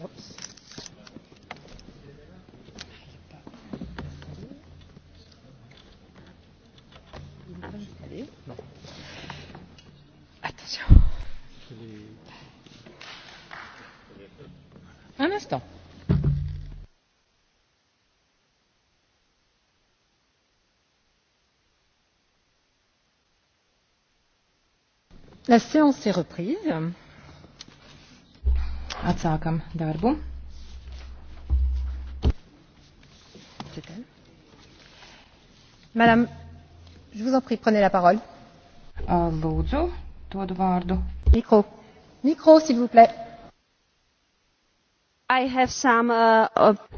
Oops. Attention. Un instant. La séance est reprise. Atsākam darbu. Madame, je vous en prie, prenez la parole. Uh, lūdzu, dodu vārdu. Mikro. Mikro, s'il vous plaît. I have some, uh,